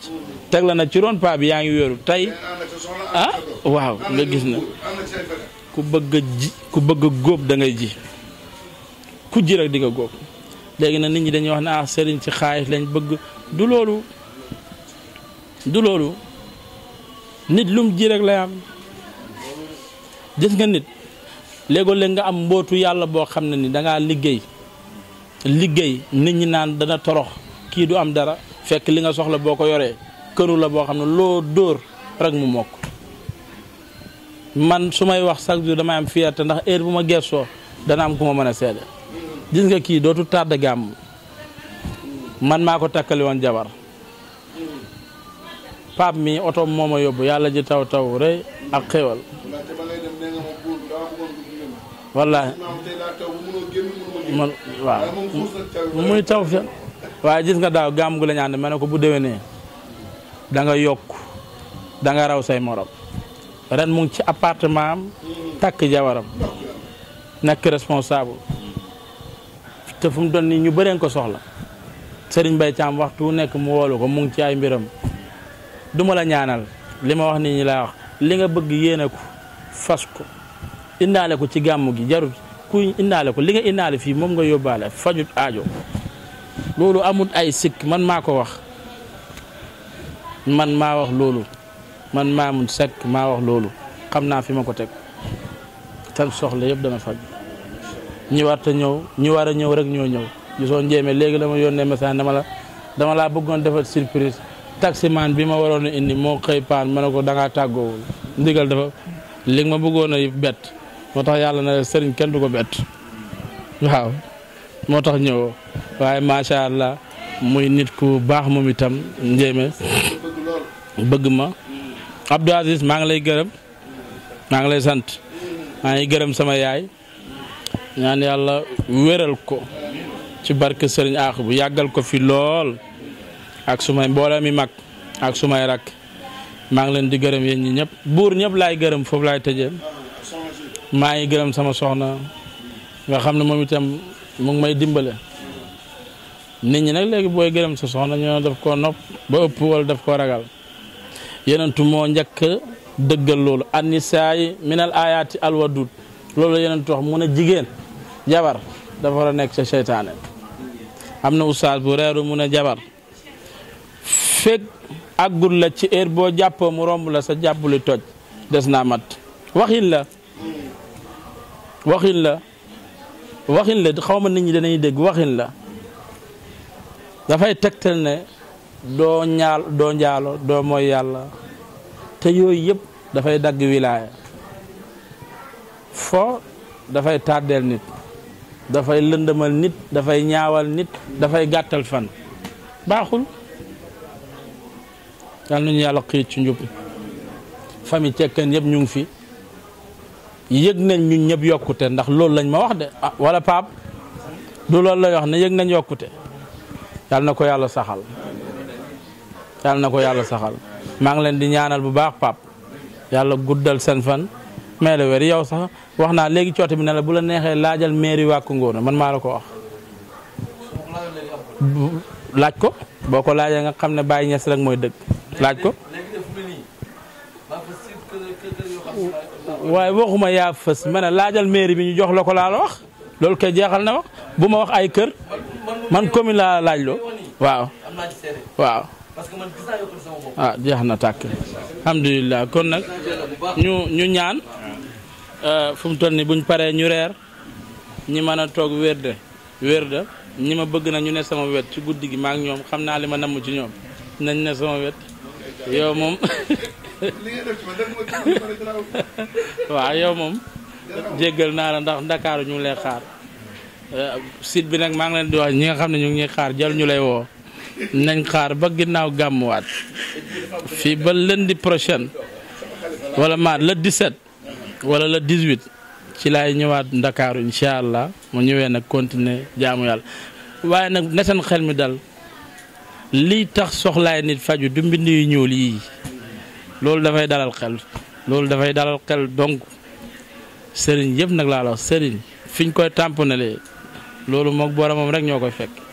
teg la na ci roon pap bi yaa ngi wéeru tey ah waaw nga gis na ku bëgg ji ku bëgg góob dangay ji ku ji rek góob léegi nag nit ñi dañuy wax ne ah sëriñ ci xaalis lañ bëgg du loolu du loolu nit lum ji rek lay am gis nga nit léegoo léeg nga am mbootu yàlla boo xam ne ni dangaa liggéey liggéey nit ñi naan dana torox kii du am dara fekk li nga soxla boo ko yoree këru la boo xam ne loo dóor rek mu mokk man su may wax chaque jour damay am fierté ndax heure bu ma gëstoo dana am ku ma mën a seede gis nga kii dootu tardé gàmm man maa ko takkale woon jabar pape mi oto moo ma yóbbu yàlla ji taw taw rëy ak xéwal wallaahi man waaw muy taw fi waaye gis nga daaw gàmm gu la ñaan ma ne ko bu dewee da danga yokk danga raw say morom ren mu ngi ci appartement am takk jawaram nekk responsable te fu mu doon nii ñu bëreen ko soxla sëriñ Mbaye Thiam waxtu nekk mu woolu ko mu ngi ci ay mbiram duma la ñaanal li ma wax nit ñi laa wax li nga bëgg yéene ko fas ko indaale ko ci gàmm gi jarut ku indaale ko li nga indaale fii moom nga yóbbaale fajut aajo loolu amut ay sikk man maa ko wax man maa wax loolu man maamu Seck maa wax loolu xam naa fi ma ko teg tan soxla yëpp dana faj ñi war ñëw ñi war a ñëw rek ñoo ñëw gisoo njéeme léegi la ma yónnee message dama la dama laa bëggoon defal surprise taximaan bi ma waroon a indi moo xëy paan ma ne ko da ngaa tàggoowul ndigal dafa li ma bëggoon a bett moo tax yàlla na sëriñ kenn du ko bett waaw moo tax ñëwoo waaye macha allah muy nit ku baax moom itam njéeme bëgg ma Abdou Aziz maa ngi lay gërëm maa ngi lay sant maa ngi gërëm sama yaay ñaan yàlla wéral ko ci barke sëriñ aax bu yàggal ko fi lool ak sumay mbooloo mi mag ak sumay rakk maa ngi leen di gërëm yéen ñi ñëpp buur ñëpp laay gërëm foofu lay tëjee maa ngi gërëm sama soxna nga xam ne moom itam mu ngi may dimbale nit ñi nag léegi booy gërëm sa soxna ñoo daf koo nopp ba ëpp wala daf koo ragal yeneen tu moo njëkk dëggal loolu annisaay minal ayaati alwadud loolu la yenentu wax mun a jigéen jabar dafa war a nekk ca seytaane am na ustaas bu reeru mu ne jabar fekk aggut la ci heure boo jàppoo mu romb la sa jàppuli toj des naa mat waxin la waxin la waxin la xaw ma nit ñi danañ dégg waxin la dafay tegtal ne doo ñaal doo njaalo doo mooy yàlla te yooyu yëpp dafay dagg wilaaya fo dafay tàddeel nit dafay lëndëmal nit dafay ñaawal nit dafay gàttal fan baaxul yal nañu yàlla xiit ci njub fami cekkeen yëpp ñu ngi fi yëg nañ ñun ñëpp yokkute ndax loolu lañ ma wax de ah, wala paap du loolu lay wax ne yëg nañ yokkute yal na ko yàlla saxal yàlla na ko yàlla saxal maa ngi leen di ñaanal bu baax pap yàlla guddal seen fan mais le yow sax wax naa léegi coote bi ne la bu la neexee laajal mairie wàkku ngóona man maa la ko wax laaj ko boo ko laajee nga xam ne Baye Niass rek mooy dëgg laaj ko waaye waxuma yaa fës ma laajal mairie bi ñu jox la ko laa wax loolu kay jeexal na wax bu ma wax ay kër man commune laa laaj loo waaw ah jeex na tàkk alhamdulilah kon nag ñu ñaan euh, fu mu toll ni buñ paree ñu reer ñi mën a toog wérde wérde ñi ma bëgg na ñu ne sama wet ci guddi gi maak ñoom xam naa li ma namm ci ñoom nañ ne sama wet yow moom waaw yow moom jéggal naa la ndax ndakaaru ñu ngi lay xaar euh, site bi nag maa ngi leen di wax ñi nga xam ne ñu ngi xaar jal ñu lay woo nañ xaar ba ginnaaw gàmmuwaat fii ba lundi prochaine wala maar le 17 wala le 18 ci laay ñëwaat ndakaaru incha allah mu ñëwee nag continuer jaamu yàlla waaye nag na xel mi dal lii tax soxlaay nit faju du mbind yu ñuul yii loolu dafay dalal xel loolu dafay dalal xel donc sëriñ yëpp nag laa la sëriñ fiñ koy tàmponalee loolu moog boromam rek ñoo koy fekk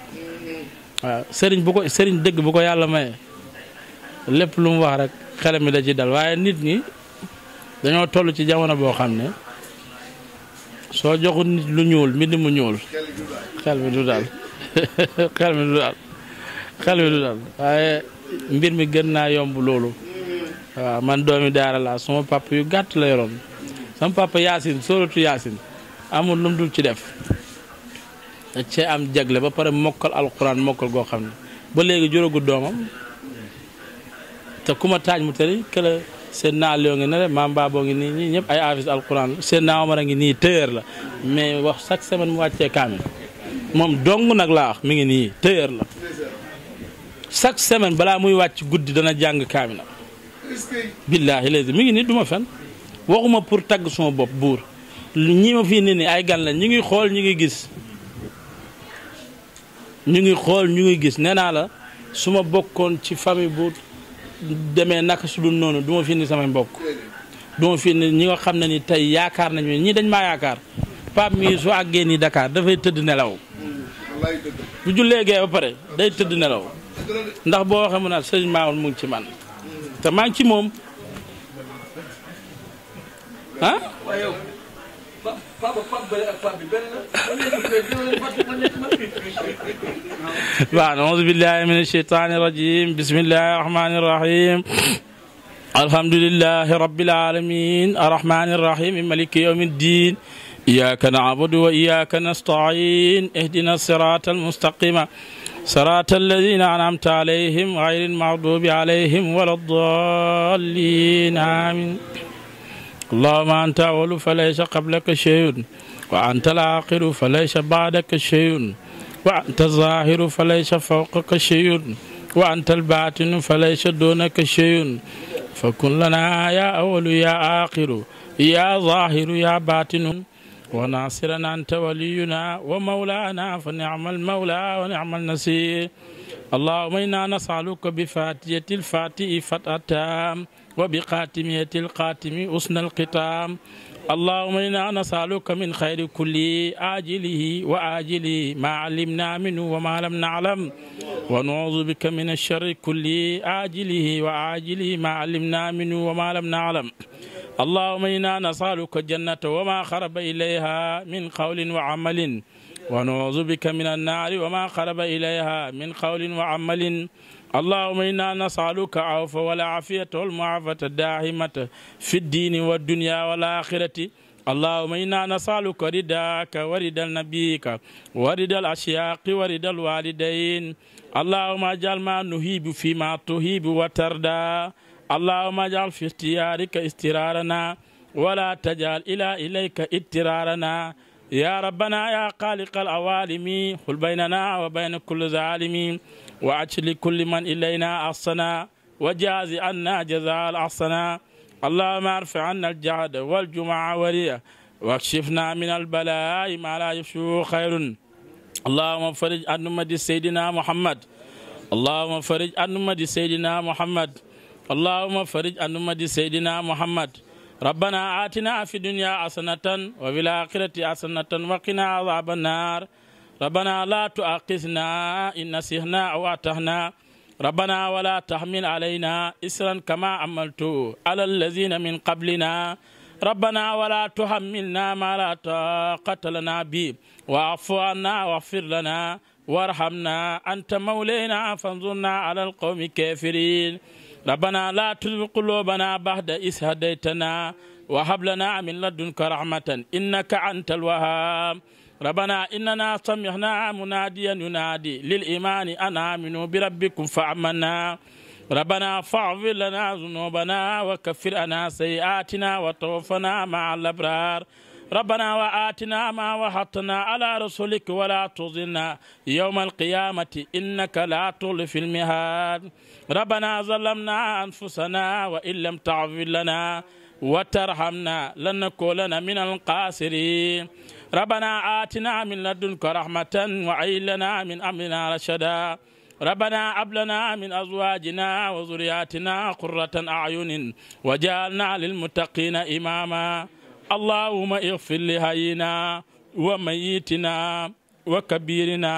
waaw sëriñ bu sëriñ dëgg bu ko yàlla maye lépp lu mu wax rek xelam mi da ci dal waaye nit ñi dañoo toll ci jamono boo xam ne soo joxul nit lu ñuul mbind mu ñuul xel daal xel mbir mi gën naa yomb loolu waaw man doomi daara laa sama yu gàtt la yoroon sama papa yaasin sóoratu yaasin amul lu dul ci def cee am jagle ba pare mokkal alxuraan mokkal goo xam ne ba léegi jurógu doomam te ku ma taaj mu tëri këla seen naa loo ngi ne rek maam baaboo nii ñëpp ay afis alxuraan la seen naa omar a ngi nii téyeer la mais wax chaque semaine mu wàccee kaamil moom dong nag laa wax mi ngi nii téyeer la chaque semaine balaa muy wàcc guddi dana jàng kaamil billaahi léegi mi ngi nii du ma fen waxuma pour tagg suma bopp buur ñi ma fii nii nii ay gan la ñi ngi xool ñi ngi gis ñu ngi xool ñu ngi gis nee naa la su ma bokkoon ci famille bu demee naka su dul noonu du ma fi indi mbokk du ma fi indi ñi nga xam na ni tey yaakaar nañu ñii dañ maa yaakaar Pape mii su àggee nii dakaar dafay tëdd nelaw bu jullee gee ba pare day tëdd nelaw ndax boo waxee mu ne sëriñ Mamoune mu ngi ci man te maa ngi ci moom ah papa papa bële ak papa bi benn la. waaw auzu billahi min asheytaani rajim bismillahi rahmaani rahim alhamdulilahi rabbil alamin arrahmaani rahim maliki yawmi ddin iyyaka na'budu wa iyyaka nasta'in ihdina sirata almustaqima صراط الذين أنعمت عليهم غير المغضوب عليهم ولا الضالين آمين allahuma anta awalu fa laysa qablaka cheyun wa anta alaaxiru fa laysa baadaka cheyun wa anta alzaahiru fa laysa fawqaka cheyun wa anta albaatinu fa laysa doonaka cheyun fa kun lana ya awalu ya aaxiru ya zaahiru ya baatinu wa naasirana anta waliyuna wa mawlaana fa ni'mal mawla wa ni'mal nasiir allahuma inna nasaluka bi fatihati lfatihi fatatam وبخاتمية الخاتم أسن الختام اللهم إنا نسألك من خير كل آجله وآجله ما علمنا منه وما لم نعلم ونعوذ بك من الشر كل آجله وآجله ما علمنا منه وما لم نعلم اللهم إنا نسألك الجنة وما خرب إليها من قول وعمل ونعوذ بك من النار وما خرب إليها من قول وعمل allahuma inna nasaluka awfa wala afiyata walmuafata daahimata fi ddiini waldunya walaxirati allahuma inna nasaluka ridaka wa rida nabiyika wa rida alasyaaqi wa rida alwalidain allahuma ajal ma nuhibu fima tuhibu wa tarda allahuma ajal fi ihtiyarika istirarana wala tajal ila ilayka ittirarana ya rabbana ya xaaliqa alawalimi xul baynana wa bayna kulli zalimi wa ajli kulli man ilayna ahsana wa jaazi anna jazaa al ahsana allahumma arfi anna aljahda waljumua wariya wakshifna min albalaa'i ma laa yashuu xayrun allahumma farij an ummati seydina muhammad allahumma farij an ummati seydina muhammad allahumma farij an ummati seydina muhammad rabbana aatina fi dunya hasanatan wa fil aaxirati hasanatan wa qina azaaba annaar ربنا لا تؤاخذنا إن نسينا أو أطعنا ربنا ولا تحمل علينا إسرا كما حملته على الذين من قبلنا ربنا ولا تحملنا ما لا طاقة لنا به واعف عنا واغفر لنا وارحمنا أنت مولانا فانصرنا على القوم الكافرين ربنا لا تزغ قلوبنا بعد إذ هديتنا وهب لنا من لدنك رحمة إنك أنت الوهاب rabbana innana samihna munadiyan yunadi lil imani an aminu bi rabbikum fa amanna rabbana faghfir lana zunubana wa kaffir anna sayyi'atina wa tawaffana ma'al abrar rabbana wa atina ma wa'adtana ala rasulika wa la tukhzina yawmal qiyamati innaka la tukhliful mi'ad rabbana zalamna anfusana wa in lam taghfir lana wa tarhamna lanakunanna minal khasirin ربنا آتنا من لدنك رحمة وهيئ لنا من أمرنا رشدا ربنا هب لنا من أزواجنا وذرياتنا قرة أعين وجعلنا للمتقين إماما اللهم اغفر لهينا وميتنا وكبيرنا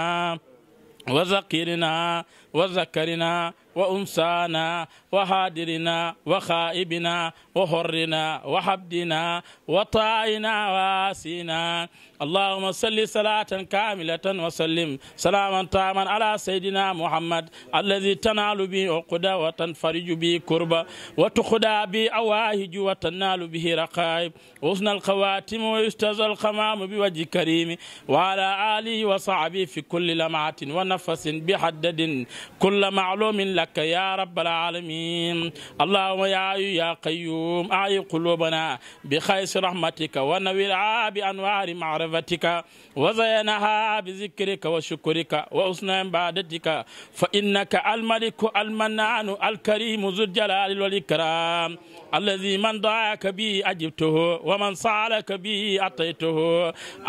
وذكيرنا وذكرنا وأنسانا وهادرنا وخائبنا وحرنا وحبدنا وطائنا واسينا allahuma salli salatan kamilatan wa sallim salaman taman ala saydina muhammad alladi tanaalu bi uquda wa tanfariju bi kurba wa tuxuda bi awahiju wa tanaalu bihi raqaib wa usna alxawatimu wa yustaza alxamamu bi waji karimi wa ala alihi wa sahbi fi kulli lamatin wa nafasin bi haddadin kulla maalumin laka ya rabbal alamin allahuma ya ayu ya qayyum ayi qulubana bi xaysi rahmatika wa nawir bi anwari maarif معرفتك وزينها بذكرك وشكرك وحسن عبادتك فإنك الملك المنان الكريم ذو الجلال والإكرام الذي من دعاك به أجبته ومن سألك به أعطيته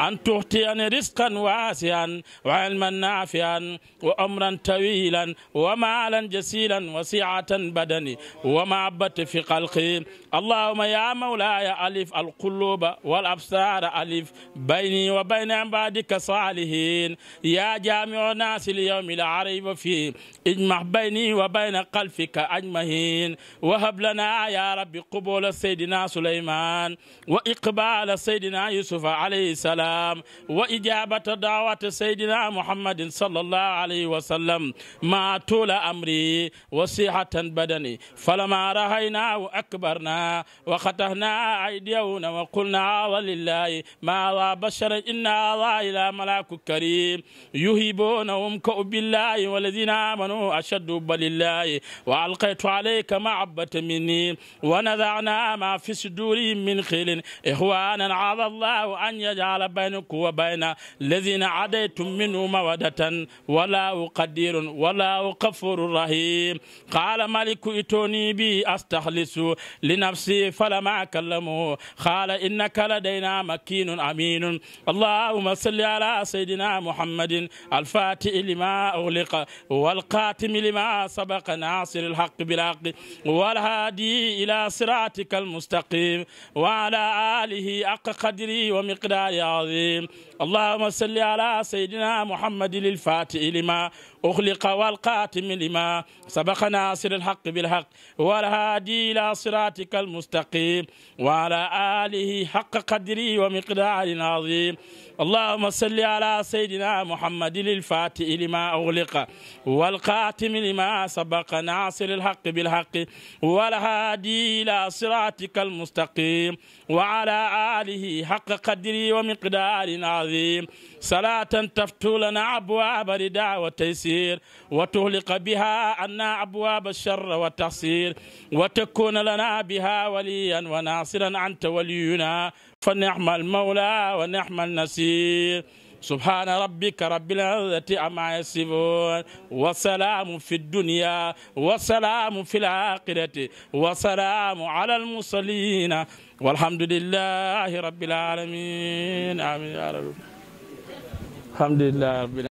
أن تؤتيني رزقا واسعا وعلما نافعا وأمرا طويلا ومالا جسيلا وسعة بدني ومعبة في قلقي اللهم يا مولاي ألف القلوب والأبصار ألف بين بيني وبين عبادك الصالحين يا جامع الناس اليوم لا ريب فيه اجمع بيني وبين خلفك أجمعين وهب لنا يا رب قبول سيدنا سليمان وإقبال سيدنا يوسف عليه السلام وإجابة دعوة سيدنا محمد صلى الله عليه وسلم ما طول أمري وصحة بدني فلما رأيناه أكبرنا وختهنا أيدينا وقلنا ولله ما وبشر معشر النار إلى ملاك الكريم يهبونهم كؤب الله والذين آمنوا أشد بل الله وألقيت عليك معبة مني ونزعنا ما في صدورهم من خيل إخوانا عظى الله أن يجعل بينكم وبين الذين عديتم منه مودة ولا قدير ولا غفور رحيم قال ملك ائتوني به أستخلص لنفسي فلما كلمه قال إنك لدينا مكين أمين اللهم صل على سيدنا محمد الفاتح لما أغلق والقاتم لما سبق ناصر الحق بالحق والهادي إلى صراطك المستقيم وعلى آله حق قدره ومقدار عظيم اللهم صل على سيدنا محمد الفاتح لما أخلق والقاتم لما سبق ناصر الحق بالحق والهادي إلى صراطك المستقيم وعلى آله حق قدري ومقدار عظيم اللهم صل على سيدنا محمد الفاتح لما أغلق والقاتم لما سبق ناصر الحق بالحق والهادي إلى صراطك المستقيم وعلى آله حق قدري ومقدار عظيم صلاة تفتو لنا أبواب رداء وتيسير وتغلق بها عنا أبواب الشر والتحصير وتكون لنا بها وليا وناصرا أنت ولينا fa ni'mal mawla wa ni'mal nasir subhaana rabbika rabbil izzati ammaa yasifuun wa salaamun fi dunya wa salaamun fil aaxirati wa salaamun alal mursaliina walhamdulillaahi rabbil aalamiin amiin alhamdulillaahi rabbil